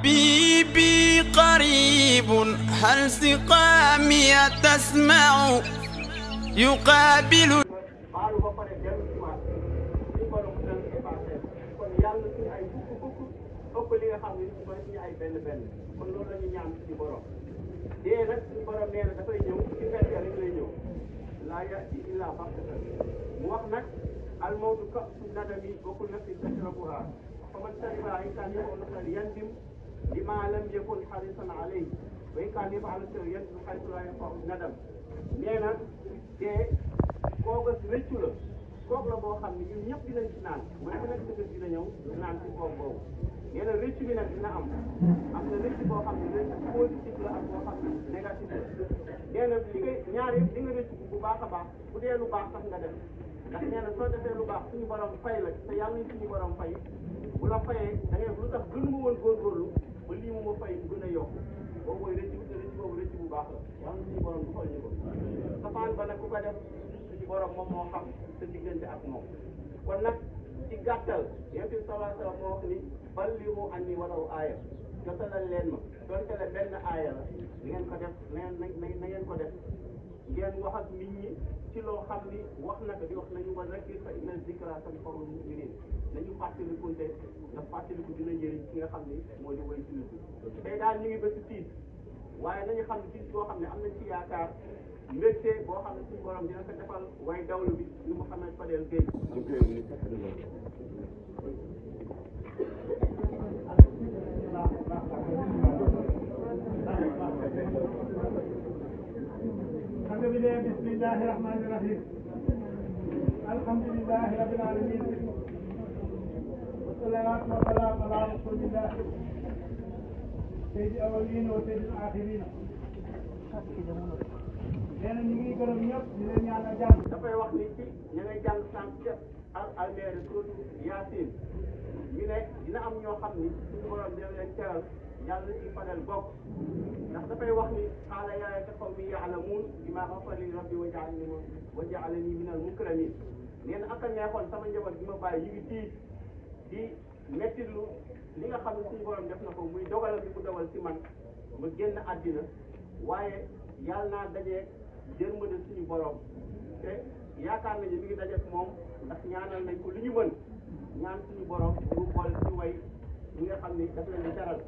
حبيبي قريب هل سقامي تسمع يقابل dee nag suñu borom nee na dafay ñëw ci fekk rek lay ñëw laa yaati illa baxtatan mu wax nag al mawtu kasu nadami bokkul nag si tasrabuha faman sariba insan yow na yan dim لما لم يكن حريصا عليه وإن كان يفعل السريات من حيث لا ينفع الندم nee na te kooku wéccu la kooku la boo xam ne ñun ñëpp dinañ ci naan mu nekk nag dëgg dina ñëw naan ci kooku boobu nee na wéccu bi nag dina am am na wéccu boo xam ne wéccu positif la ak boo xam ne négatif la na li ngay ñaar yëpp di nga wéccu bu baax a baax bu dee lu baax sax nga def ndax na soo defee lu baax suñu borom fay la te yàlla ñu suñu borom fay bu la fayee da ngay lu tax gën ma ba lii moom fay gën a yokk boobu mooy rëcc bu rëcc boobu rëcc bu baax la yàlla suñu borom du ko safaan ba nag ku ko def suñu borom moom moo xam sa diggante ak moom kon nag ci gàttal yonent bi sallallahu alayhi wa sallam moo wax ni balligu anni walaw aaya jotalal leen ma donte la benn aaya la na ngeen ko na ngeen na ko def ngeen wax ak mi ñi ci loo xam ni wax na ko di wax nañu wa zakir fa inna zikra tanfa'ul de nañu fàttalikunte ndax fàttaliku dina njëriñ ki nga xam ni moo di way jullit bi tey daal ñu ngi ba si tiis waaye nañu xam ne tiis boo xam ne am nañ ci yaakaar mbégte boo xam ne suñu borom dina ko defal way dawlu bi ñu mu xam ne Fadel Gueye leen bismillahi rahmani rahim alhamdulillahi rabbil alamin wa salaatu wa salaamu ala rasulillah sayyidil awwalin wa sayyidil akhirin nee na ñu ngi gërëm ñëpp di leen ñaanal jàmm dafay wax ni ci ñu ngay jàng sànq al almeeri tuuti yaasin ne dina am ñoo xam ni suñu borom dina leen teral yàlla na ci fagal bopp ndax dafay wax ni xaala yaa ka qawmi yaalamuun bimaa xafara li rabbi wa jaalani wa jaalani mu al mukramin nee na ak a neexoon sama njaboot bi ma bàyyi ñu ngi tiit di mettitlu li nga xam ne suñu borom def na ko muy dogal bi mu dawal si man ma génn àddina waaye yàlla naa dajee yërmande suñu borom te yaakaar nañu mi ngi dajeek moom ndax ñaanal nañ ko lu ñu mën ñaan suñu borom ñu boole ci way ñi nga xam ni daf leen di teral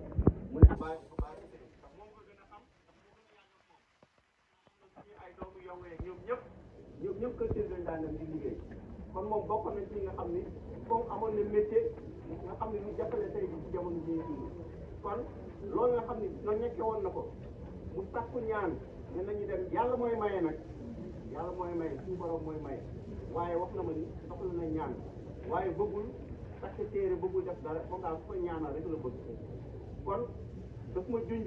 mu ne bàyyi ko bàyyi ko sëriñ ndax moom nga gën a xam ndax moo gën a yàgg moom ndax ñu ay doomu yongo yeeg ñoom ñëpp ñoom ñëpp kër sëriñ lañ daan dem di liggéey kon moom bokk na ci nga xam ni comme amoon na métier nga xam ne ñu jàppale tey bi ci jamono ji ñu dund kon loolu nga xam ni loolu nekkee woon na ko mu sàkku ñaan ne nañu dem yàlla mooy maye nag yàlla mooy maye suñu borom mooy maye waaye wax na ma ni soxla na ñaan waaye bëggul takk téere bëggul def dara foog daal ko ñaanal rek la bëgg kon daf ma junj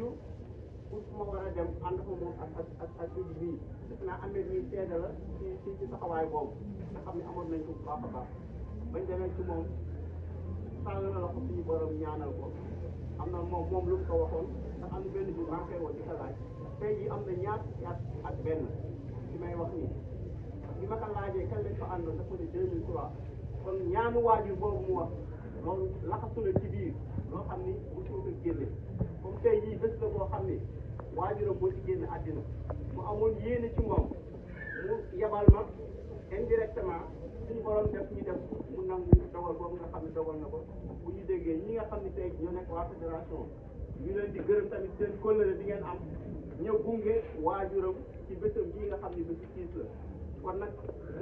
pour ma war a dem ànd fa moom ak ak ak ak junj bii def naa amee nii la ci ci ci taxawaay boobu nga xam ne amoon nañ ko bu baax a baax bañ demee ci moom sàll na la ko suñu borom ñaanal ko am na moom moom lu mu waxoon ndax am na benn bi manqué woon ci sa laaj tey jii am na ñaar at ak benn li may wax nii bi ma ko laajee kan lañ fa àndoon dafa ne 2003 kon ñaanu waajur boobu mu wax loolu laxasu la ci biir loo xam ni bu ci ko génne comme tey jii bés la boo xam ni waajuram boo ci génne àddina mu amoon yéene ci moom mu yebal ma indirectement suñu borom def ñu def mu nangu dogal boobu nga xam ne dogal na ko bu ñu déggee ñi nga xam ne tey ñoo nekk waa fédération ñu leen di gërëm tamit seen kóllëre bi ngeen am ñëw gunge waajuram ci bésam bii nga xam ne bésu tiis la kon nag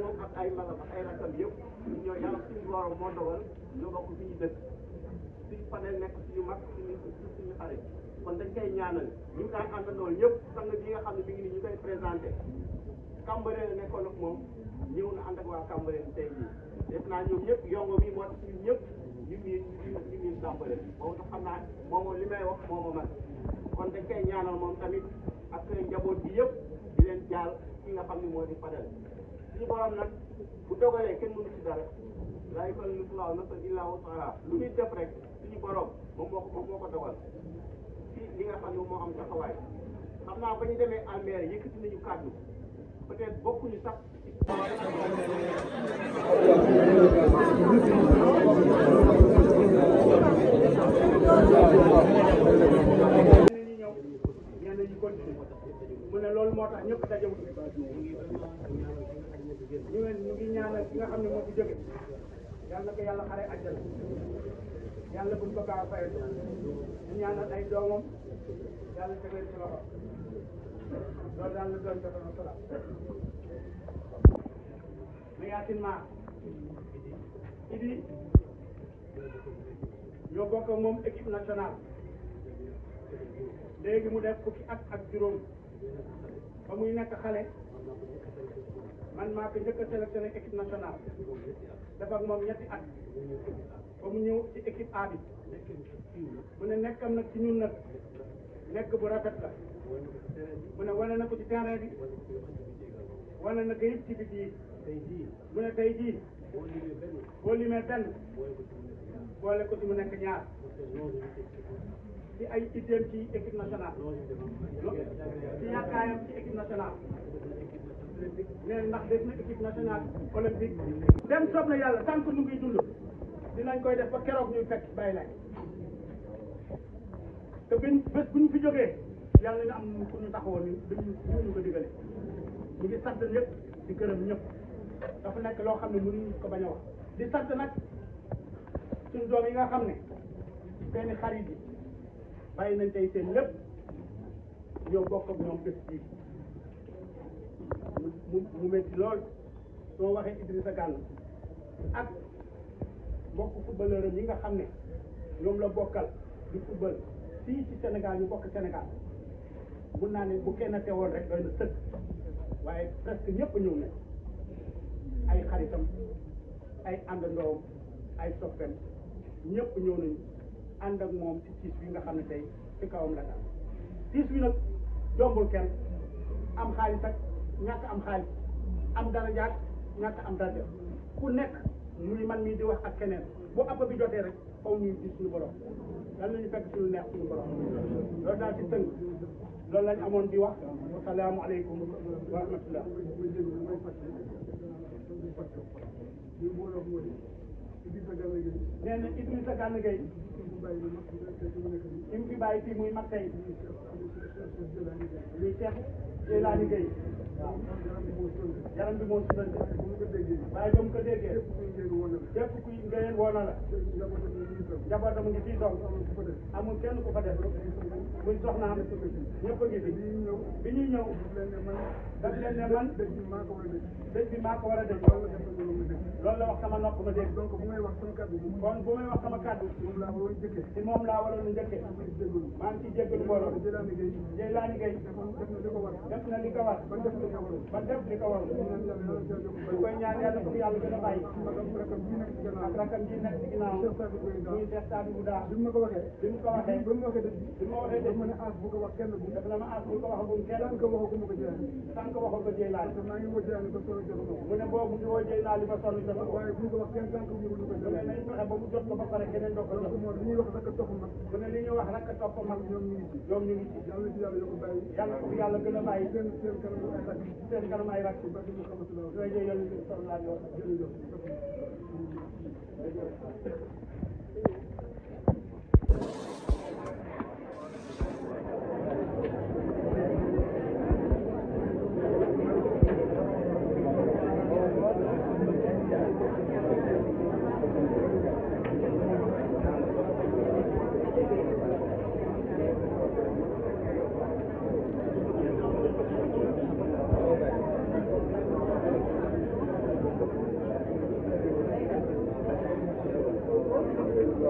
moom ak ay magam ak ay rakkam yëpp ñun ñoo yàlla suñu borom moo dogal ñu bokk fi ñu dëkk suñu fanee nekk suñu mag suñu suñu xarit kon dañ koy ñaanal ñu ngi daan àndandoo ñëpp sang bi nga xam ne mi ngi nii ñu koy présenté Cambérène nekkoon ak moom ñëw na ànd ak waa Cambérène tey jii def naa ñoom ñëpp yongo mi moo tax ñun ñëpp ñu ngi ñu ngi ñu Cambérène boobu tax xam naa moom li may wax moom a man kon dañ koy ñaanal moom tamit ak njabóot bi yëpp. daal ki nga xam ni moo di fadal suñu borom nag bu dogalee kenn mu ci dara laa yukallifu llaahu nafsan illaa wus'ahaa lu ñuy def rek suñu borom moom moo ko moom moo ko dogal ci li nga xam ne moo am taxawaay xam naa ba ñu demee almeer yëkkati nañu kàddu peut-être bokkuñu sa moo tax ñëpp daje wuñu ñu ngi ñaanal ki nga xam ne moo fi jóge yàlla ko yàlla xare àjjal yàlla buñ ko gaaw fay ñu ñaanal ay doomam yàlla teg leen ci loxo loolu daal la doon jotoon solo mais yaatin maa idi ñoo bokk moom équipe nationale léegi mu def fukki at ak juróom ba muy nekk xale man maa ko njëkk a sélectionné équipe nationale dafa ak moom ñetti ba mu ñëw ci équipe A bi mu ne nekkam nag ci ñun nag nekk bu rafet la mu ne wane na ko ci terrain bi wane na ko yëpp ci biti mu ne tey jii boo limee benn boole ko ci mu nekk ñaar di ay idéem ci équipe nationale ci yaakaayam ci équipe nationale mais ndax def na équipe nationale olympique dem soob na yàlla tant que ñu ngi dund dinañ koy def ba keroog ñuy fekk bàyyi lañ te biñ bés bu ñu fi jógee yàlla na taxawoo ni duñu duñu ko digale ñu ngi di gërëm ñëpp dafa nekk loo xam ne mënuñu ko bañ a wax di sant nag suñu doom yi nga xam ne seeni bàyyi nañ tey seen lépp ñoo bokk ak ñoom bés mu mu métti lool soo waxee Idrissa Gana ak bokk footballeur yi nga xam ne ñoom la bokkal di football fii ci senegal ñu bokk Sénégal mun naa ne bu kenn teewoon rek doy na sëkk waaye presque ñëpp ñëw na ay xaritam ay àndandoom ay soppeem ñëpp ñëw nañu ànd ak moom ci tiis wi nga xam ne tey ci kawam la daal tiis wi nag jombul kenn am xaalis ak ñàkk am xaalis am dara jaag ñàkk am dara ku nekk muy man mii di wax ak keneen bu app bi jotee rek faw ñuy gis suñu borom lan la ñu fekk suñu neex suñu borom loolu daal ci tënk loolu lañ amoon di wax wasalaamualeykum wa rahmatullah Idrissa Gana Gueye. nee na Idrissa Gana Gueye. fi mu fi bàyyi fii muy mag tey. lii Cheikh Jeylaani Gaye waaw yaram bi moo sutante waaye ba mu ko déggee képp kuy ngeen woo na la njabootam ngi fii toog amul kenn ku fa def muy soxnaam ñëpp a ngi fi bi ñuy ñëw daf leen ne man dëj bi maa ko war a dëj loolu la wax sama nopp ma dégg donc bu may wax sama kàddu kon bu may wax sama kàddu moom laa waroon njëkkee ci moom laa waroon njëkkee maa ngi ciy jéggalu mbooloo Jeylaani Gaye Jeylaani Gaye def na li ko war ba def li ko war dañ koy ñaan yàlla pour yàlla gën a bàyyi ak rakam ji nag ci ginnaaw muy def taat bu daa bi mu ko waxee bi mu ko waxee bi mu waxee def bi ma waxee def ma ne as bu ko wax kenn bu def na ma as bu ko wax bu kenn sànq waxoo ko ma ko jëlee sànq waxoo ko jëy laal maa ngi wóor jëy laal ko sonn jox ma mu ne boobu di woo jëy laal li ma sonn jox ma waaye bu ko wax kenn sànq bu ko jëlee nañ fexe ba mu jot ko ba pare keneen doo ko jox moom li ñuy wax rakk topp mag mu ne li ñuy wax rakk topp mag ñoom ñu ngi ci ñoom ñu ngi ci yàlla ci yàlla yokk bàyyi yàlla ko yàlla gën a bàyyi bàyyi seen kanam ay rakk seen kanam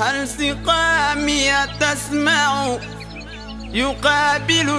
هل سقامي تسمع يقابل